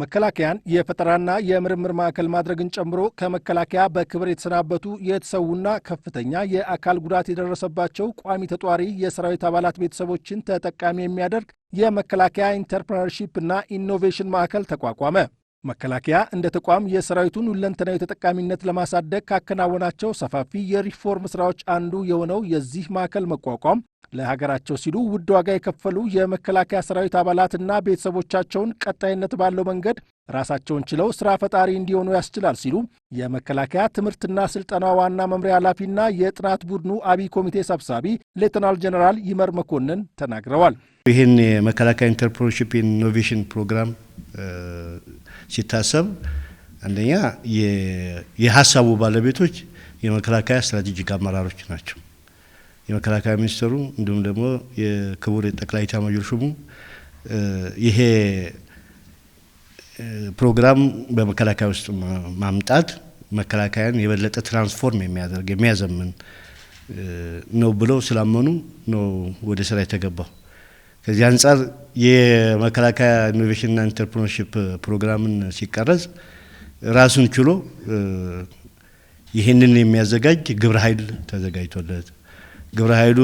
መከላከያን የፈጠራና የምርምር ማዕከል ማድረግን ጨምሮ ከመከላከያ በክብር የተሰናበቱ የተሰዉና ከፍተኛ የአካል ጉዳት የደረሰባቸው ቋሚ ተጧሪ የሰራዊት አባላት ቤተሰቦችን ተጠቃሚ የሚያደርግ የመከላከያ ኢንተርፕረነርሺፕ እና ኢኖቬሽን ማዕከል ተቋቋመ። መከላከያ እንደ ተቋም የሰራዊቱን ሁለንተናዊ ተጠቃሚነት ለማሳደግ ካከናወናቸው ሰፋፊ የሪፎርም ስራዎች አንዱ የሆነው የዚህ ማዕከል መቋቋም ለሀገራቸው ሲሉ ውድ ዋጋ የከፈሉ የመከላከያ ሰራዊት አባላትና ቤተሰቦቻቸውን ቀጣይነት ባለው መንገድ ራሳቸውን ችለው ስራ ፈጣሪ እንዲሆኑ ያስችላል ሲሉ የመከላከያ ትምህርትና ስልጠና ዋና መምሪያ ኃላፊና የጥናት ቡድኑ አብይ ኮሚቴ ሰብሳቢ ሌተናል ጀነራል ይመር መኮንን ተናግረዋል። ይህን የመከላከያ ኢንተርፕርነርሺፕ ኢኖቬሽን ፕሮግራም ሲታሰብ አንደኛ የሀሳቡ ባለቤቶች የመከላከያ ስትራቴጂክ አመራሮች ናቸው። የመከላከያ ሚኒስትሩ እንዲሁም ደግሞ የክቡር ጠቅላይ ኤታማዦር ሹሙ ይሄ ፕሮግራም በመከላከያ ውስጥ ማምጣት መከላከያን የበለጠ ትራንስፎርም የሚያደርግ የሚያዘምን ነው ብለው ስላመኑ ነው ወደ ስራ የተገባው። ከዚህ አንጻር የመከላከያ ኢኖቬሽንና ኢንተርፕርነርሺፕ ፕሮግራምን ሲቀረጽ ራሱን ችሎ ይህንን የሚያዘጋጅ ግብረ ኃይል ተዘጋጅቶለት ግብረ ኃይሉ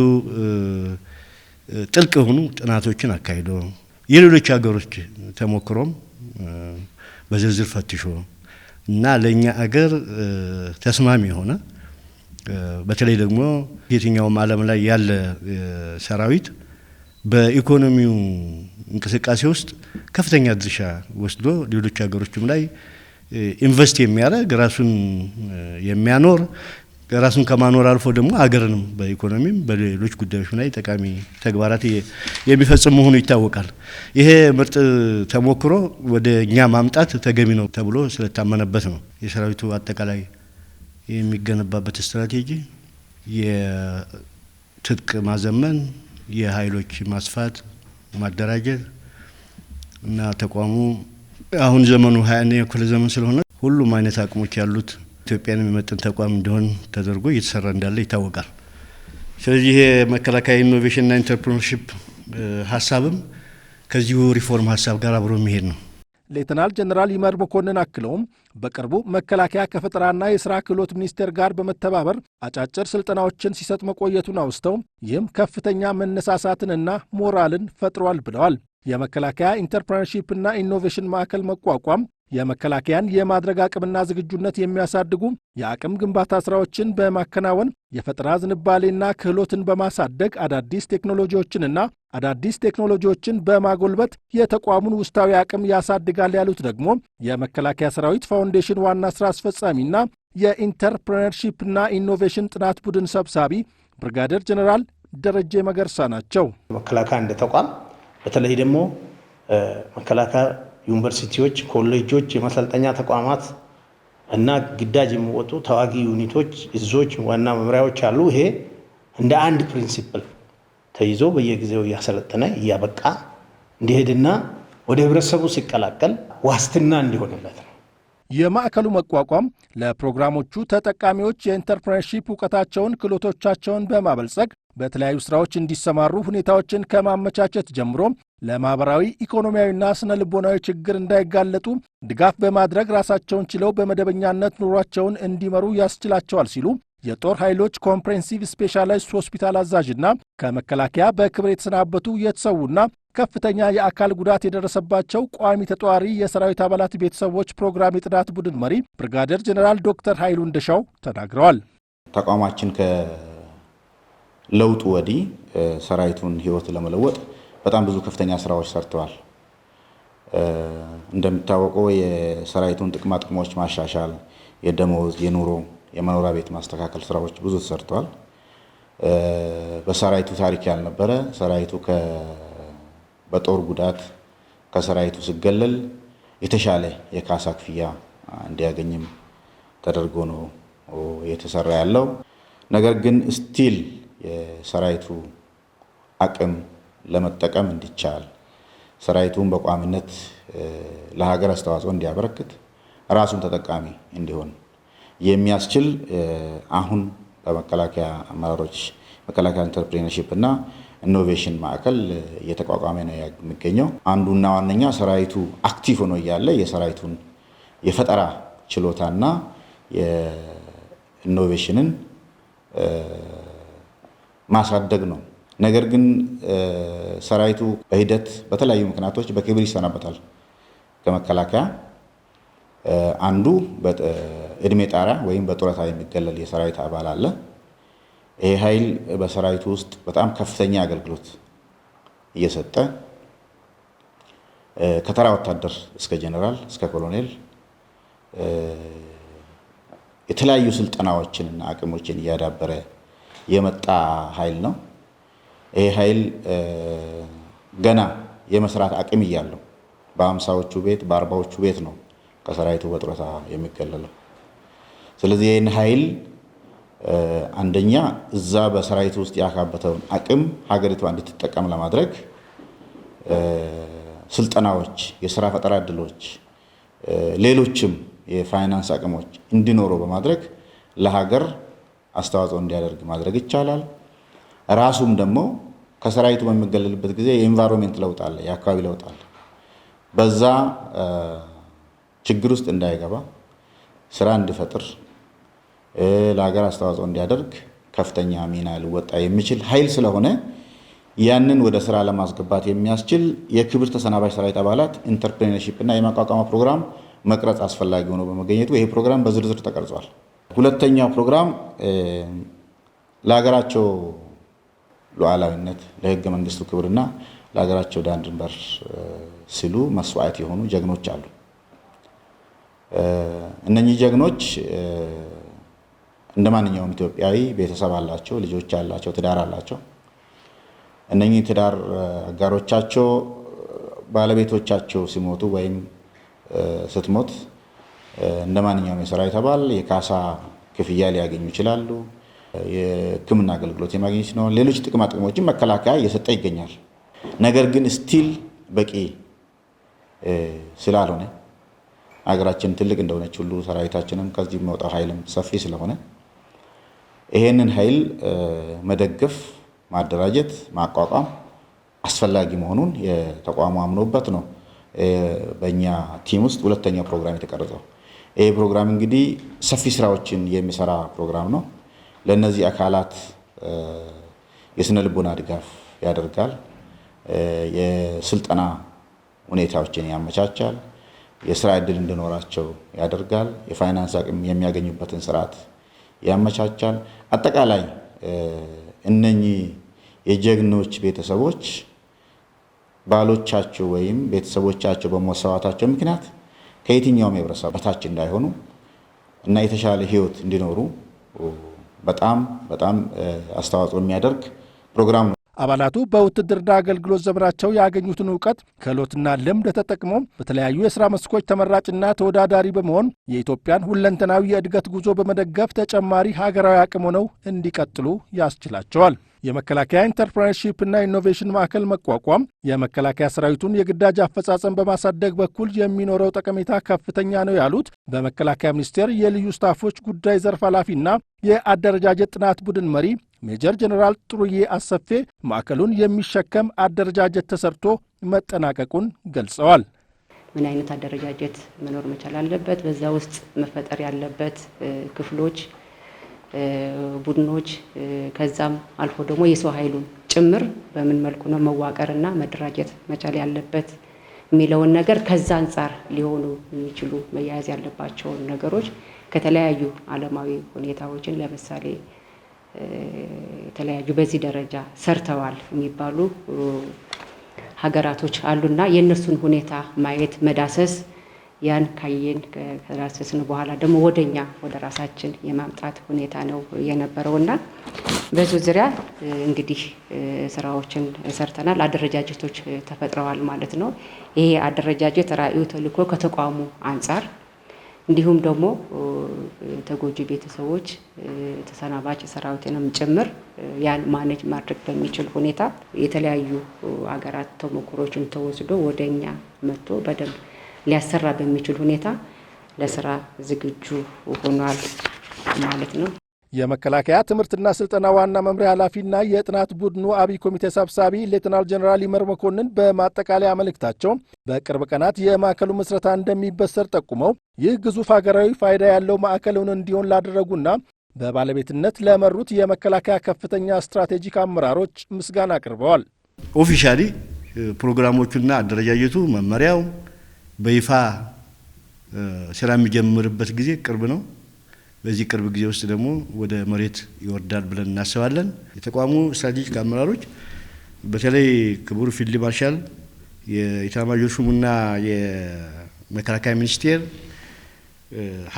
ጥልቅ የሆኑ ጥናቶችን አካሂዶ የሌሎች ሀገሮች ተሞክሮም በዝርዝር ፈትሾ እና ለእኛ አገር ተስማሚ የሆነ በተለይ ደግሞ የትኛውም ዓለም ላይ ያለ ሰራዊት በኢኮኖሚው እንቅስቃሴ ውስጥ ከፍተኛ ድርሻ ወስዶ ሌሎች ሀገሮችም ላይ ኢንቨስት የሚያደርግ ራሱን የሚያኖር ራሱን ከማኖር አልፎ ደግሞ ሀገርንም በኢኮኖሚም በሌሎች ጉዳዮች ላይ ጠቃሚ ተግባራት የሚፈጽም መሆኑ ይታወቃል። ይሄ ምርጥ ተሞክሮ ወደ እኛ ማምጣት ተገቢ ነው ተብሎ ስለታመነበት ነው የሰራዊቱ አጠቃላይ የሚገነባበት ስትራቴጂ የትጥቅ ማዘመን፣ የኃይሎች ማስፋት፣ ማደራጀት እና ተቋሙ አሁን ዘመኑ ሀያ ክፍለ ዘመን ስለሆነ ሁሉም አይነት አቅሞች ያሉት ኢትዮጵያን የሚመጥን ተቋም እንዲሆን ተደርጎ እየተሰራ እንዳለ ይታወቃል። ስለዚህ ይሄ መከላከያ ኢኖቬሽንና ኢንተርፕርነርሺፕ ሀሳብም ከዚሁ ሪፎርም ሀሳብ ጋር አብሮ የሚሄድ ነው። ሌተናል ጀነራል ይመር መኮንን አክለውም በቅርቡ መከላከያ ከፈጠራና የስራ ክህሎት ሚኒስቴር ጋር በመተባበር አጫጭር ስልጠናዎችን ሲሰጥ መቆየቱን አውስተው ይህም ከፍተኛ መነሳሳትንና ሞራልን ፈጥሯል ብለዋል። የመከላከያ ኢንተርፕረነርሺፕና ኢኖቬሽን ማዕከል መቋቋም የመከላከያን የማድረግ አቅምና ዝግጁነት የሚያሳድጉ የአቅም ግንባታ ስራዎችን በማከናወን የፈጠራ ዝንባሌና ክህሎትን በማሳደግ አዳዲስ ቴክኖሎጂዎችንና አዳዲስ ቴክኖሎጂዎችን በማጎልበት የተቋሙን ውስጣዊ አቅም ያሳድጋል ያሉት ደግሞ የመከላከያ ሰራዊት ፋውንዴሽን ዋና ስራ አስፈጻሚና የኢንተርፕረነርሺፕና ኢኖቬሽን ጥናት ቡድን ሰብሳቢ ብርጋዴር ጀኔራል ደረጀ መገርሳ ናቸው። መከላከያ እንደ ተቋም በተለይ ደግሞ መከላከያ ዩኒቨርሲቲዎች፣ ኮሌጆች፣ የማሰልጠኛ ተቋማት እና ግዳጅ የሚወጡ ተዋጊ ዩኒቶች፣ እዞች፣ ዋና መምሪያዎች አሉ። ይሄ እንደ አንድ ፕሪንሲፕል ተይዞ በየጊዜው እያሰለጠነ እያበቃ እንዲሄድና ወደ ህብረተሰቡ ሲቀላቀል ዋስትና እንዲሆንለት ነው። የማዕከሉ መቋቋም ለፕሮግራሞቹ ተጠቃሚዎች የኢንተርፕረነርሺፕ እውቀታቸውን፣ ክህሎቶቻቸውን በማበልጸግ በተለያዩ ስራዎች እንዲሰማሩ ሁኔታዎችን ከማመቻቸት ጀምሮ ለማኅበራዊ ኢኮኖሚያዊና ስነ ልቦናዊ ችግር እንዳይጋለጡ ድጋፍ በማድረግ ራሳቸውን ችለው በመደበኛነት ኑሯቸውን እንዲመሩ ያስችላቸዋል ሲሉ የጦር ኃይሎች ኮምፕሬንሲቭ ስፔሻላይዝድ ሆስፒታል አዛዥና ከመከላከያ በክብር የተሰናበቱ የተሰዉና ከፍተኛ የአካል ጉዳት የደረሰባቸው ቋሚ ተጠዋሪ የሰራዊት አባላት ቤተሰቦች ፕሮግራም የጥናት ቡድን መሪ ብርጋደር ጀኔራል ዶክተር ኃይሉ እንደሻው ተናግረዋል። ተቋማችን ከለውጡ ወዲህ ሰራዊቱን ህይወት ለመለወጥ በጣም ብዙ ከፍተኛ ስራዎች ሰርተዋል። እንደሚታወቀው የሰራዊቱን ጥቅማ ጥቅሞች ማሻሻል፣ የደመወዝ፣ የኑሮ የመኖሪያ ቤት ማስተካከል ስራዎች ብዙ ተሰርተዋል። በሰራዊቱ ታሪክ ያልነበረ ሰራዊቱ በጦር ጉዳት ከሰራዊቱ ሲገለል የተሻለ የካሳ ክፍያ እንዲያገኝም ተደርጎ ነው የተሰራ ያለው። ነገር ግን ስቲል የሰራዊቱ አቅም ለመጠቀም እንዲቻል ሰራዊቱን በቋሚነት ለሀገር አስተዋጽኦ እንዲያበረክት ራሱን ተጠቃሚ እንዲሆን የሚያስችል አሁን በመከላከያ አመራሮች መከላከያ ኢንተርፕሬነርሺፕ እና ኢኖቬሽን ማዕከል እየተቋቋመ ነው የሚገኘው። አንዱና ዋነኛ ሰራዊቱ አክቲቭ ሆኖ እያለ የሰራዊቱን የፈጠራ ችሎታና የኢኖቬሽንን ማሳደግ ነው። ነገር ግን ሰራዊቱ በሂደት በተለያዩ ምክንያቶች በክብር ይሰናበታል ከመከላከያ አንዱ እድሜ ጣሪያ ወይም በጡረታ የሚገለል የሰራዊት አባል አለ። ይሄ ኃይል በሰራዊቱ ውስጥ በጣም ከፍተኛ አገልግሎት እየሰጠ ከተራ ወታደር እስከ ጀነራል እስከ ኮሎኔል የተለያዩ ስልጠናዎችንና አቅሞችን እያዳበረ የመጣ ኃይል ነው። ይሄ ኃይል ገና የመስራት አቅም እያለው በአምሳዎቹ ቤት በአርባዎቹ ቤት ነው ከሰራዊቱ በጡረታ የሚገለለው። ስለዚህ ይህን ኃይል አንደኛ እዛ በሰራዊት ውስጥ ያካበተውን አቅም ሀገሪቷ እንድትጠቀም ለማድረግ ስልጠናዎች፣ የስራ ፈጠራ እድሎች፣ ሌሎችም የፋይናንስ አቅሞች እንዲኖሩ በማድረግ ለሀገር አስተዋጽኦ እንዲያደርግ ማድረግ ይቻላል። ራሱም ደግሞ ከሰራዊቱ በሚገለልበት ጊዜ የኢንቫይሮንሜንት ለውጥ አለ፣ የአካባቢ ለውጥ አለ። በዛ ችግር ውስጥ እንዳይገባ ስራ እንዲፈጥር ለሀገር አስተዋጽኦ እንዲያደርግ ከፍተኛ ሚና ሊወጣ የሚችል ኃይል ስለሆነ ያንን ወደ ስራ ለማስገባት የሚያስችል የክብር ተሰናባሽ ሰራዊት አባላት ኢንተርፕሬነርሺፕ እና የማቋቋማ ፕሮግራም መቅረጽ አስፈላጊ ሆኖ በመገኘቱ ይሄ ፕሮግራም በዝርዝር ተቀርጿል። ሁለተኛው ፕሮግራም ለሀገራቸው ሉዓላዊነት ለህገ መንግስቱ ክብርና ለሀገራቸው ዳር ድንበር ሲሉ መስዋዕት የሆኑ ጀግኖች አሉ። እነኚህ ጀግኖች እንደ ማንኛውም ኢትዮጵያዊ ቤተሰብ አላቸው፣ ልጆች አላቸው፣ ትዳር አላቸው። እነኚህ ትዳር አጋሮቻቸው ባለቤቶቻቸው ሲሞቱ ወይም ስትሞት እንደ ማንኛውም የስራ አባል የካሳ ክፍያ ሊያገኙ ይችላሉ። የሕክምና አገልግሎት የማግኘት ነው። ሌሎች ጥቅማ ጥቅሞችን መከላከያ እየሰጠ ይገኛል። ነገር ግን ስቲል በቂ ስላልሆነ ሀገራችን ትልቅ እንደሆነች ሁሉ ሰራዊታችንም ከዚህ መውጣ ኃይልም ሰፊ ስለሆነ ይሄንን ኃይል መደገፍ፣ ማደራጀት፣ ማቋቋም አስፈላጊ መሆኑን የተቋሙ አምኖበት ነው በእኛ ቲም ውስጥ ሁለተኛው ፕሮግራም የተቀረጸው። ይህ ፕሮግራም እንግዲህ ሰፊ ስራዎችን የሚሰራ ፕሮግራም ነው። ለእነዚህ አካላት የስነ ልቦና ድጋፍ ያደርጋል። የስልጠና ሁኔታዎችን ያመቻቻል። የስራ እድል እንዲኖራቸው ያደርጋል። የፋይናንስ አቅም የሚያገኙበትን ስርዓት ያመቻቻል። አጠቃላይ እነኚህ የጀግኖች ቤተሰቦች ባሎቻቸው ወይም ቤተሰቦቻቸው በመሰዋታቸው ምክንያት ከየትኛውም የህብረተሰብ በታች እንዳይሆኑ እና የተሻለ ህይወት እንዲኖሩ በጣም በጣም አስተዋጽኦ የሚያደርግ ፕሮግራም ነው። አባላቱ በውትድርና አገልግሎት ዘመናቸው ያገኙትን እውቀት ክህሎትና ልምድ ተጠቅሞ በተለያዩ የሥራ መስኮች ተመራጭና ተወዳዳሪ በመሆን የኢትዮጵያን ሁለንተናዊ የእድገት ጉዞ በመደገፍ ተጨማሪ ሀገራዊ አቅም ሆነው እንዲቀጥሉ ያስችላቸዋል። የመከላከያ ኢንተርፕራይዝሺፕ እና ኢኖቬሽን ማዕከል መቋቋም የመከላከያ ሰራዊቱን የግዳጅ አፈጻጸም በማሳደግ በኩል የሚኖረው ጠቀሜታ ከፍተኛ ነው ያሉት በመከላከያ ሚኒስቴር የልዩ ስታፎች ጉዳይ ዘርፍ ኃላፊና የአደረጃጀት ጥናት ቡድን መሪ ሜጀር ጀኔራል ጥሩዬ አሰፌ ማዕከሉን የሚሸከም አደረጃጀት ተሰርቶ መጠናቀቁን ገልጸዋል። ምን አይነት አደረጃጀት መኖር መቻል አለበት፣ በዛ ውስጥ መፈጠር ያለበት ክፍሎች ቡድኖች ከዛም አልፎ ደግሞ የሰው ኃይሉን ጭምር በምን መልኩ ነው መዋቀርና መደራጀት መቻል ያለበት የሚለውን ነገር ከዛ አንጻር ሊሆኑ የሚችሉ መያያዝ ያለባቸውን ነገሮች ከተለያዩ ዓለማዊ ሁኔታዎችን ለምሳሌ የተለያዩ በዚህ ደረጃ ሰርተዋል የሚባሉ ሀገራቶች አሉና የእነሱን ሁኔታ ማየት መዳሰስ ያን ካየን ከተዳሰስን በኋላ ደግሞ ወደኛ ወደ ራሳችን የማምጣት ሁኔታ ነው የነበረው እና በዙ ዙሪያ እንግዲህ ስራዎችን ሰርተናል። አደረጃጀቶች ተፈጥረዋል ማለት ነው። ይሄ አደረጃጀት ራዕዩ፣ ተልኮ ከተቋሙ አንጻር እንዲሁም ደግሞ ተጎጂ ቤተሰቦች፣ ተሰናባጭ ሰራዊትንም ጭምር ያን ማኔጅ ማድረግ በሚችል ሁኔታ የተለያዩ አገራት ተሞክሮችን ተወስዶ ወደኛ መጥቶ በደንብ ሊያሰራ በሚችል ሁኔታ ለስራ ዝግጁ ሆኗል ማለት ነው። የመከላከያ ትምህርትና ስልጠና ዋና መምሪያ ኃላፊና የጥናት ቡድኑ አብይ ኮሚቴ ሰብሳቢ ሌትናል ጀኔራል ይመር መኮንን በማጠቃለያ መልእክታቸው በቅርብ ቀናት የማዕከሉ ምስረታ እንደሚበሰር ጠቁመው ይህ ግዙፍ ሀገራዊ ፋይዳ ያለው ማዕከል እውን እንዲሆን ላደረጉና በባለቤትነት ለመሩት የመከላከያ ከፍተኛ ስትራቴጂክ አመራሮች ምስጋና አቅርበዋል። ኦፊሻሊ ፕሮግራሞቹና አደረጃጀቱ መመሪያው በይፋ ስራ የሚጀምርበት ጊዜ ቅርብ ነው። በዚህ ቅርብ ጊዜ ውስጥ ደግሞ ወደ መሬት ይወርዳል ብለን እናስባለን። የተቋሙ ስትራቴጂክ አመራሮች በተለይ ክቡር ፊልድ ማርሻል የኢታማዦር የመከላከያ ሚኒስቴር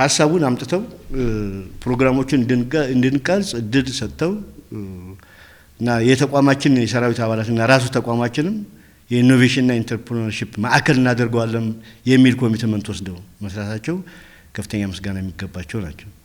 ሀሳቡን አምጥተው ፕሮግራሞችን እንድንቀርጽ እድል ሰጥተው እና የተቋማችን የሰራዊት አባላትና ራሱ ተቋማችንም የኢኖቬሽንና ኢንተርፕሪነርሺፕ ማዕከል እናደርገዋለን የሚል ኮሚትመንት ወስደው መስራታቸው ከፍተኛ ምስጋና የሚገባቸው ናቸው።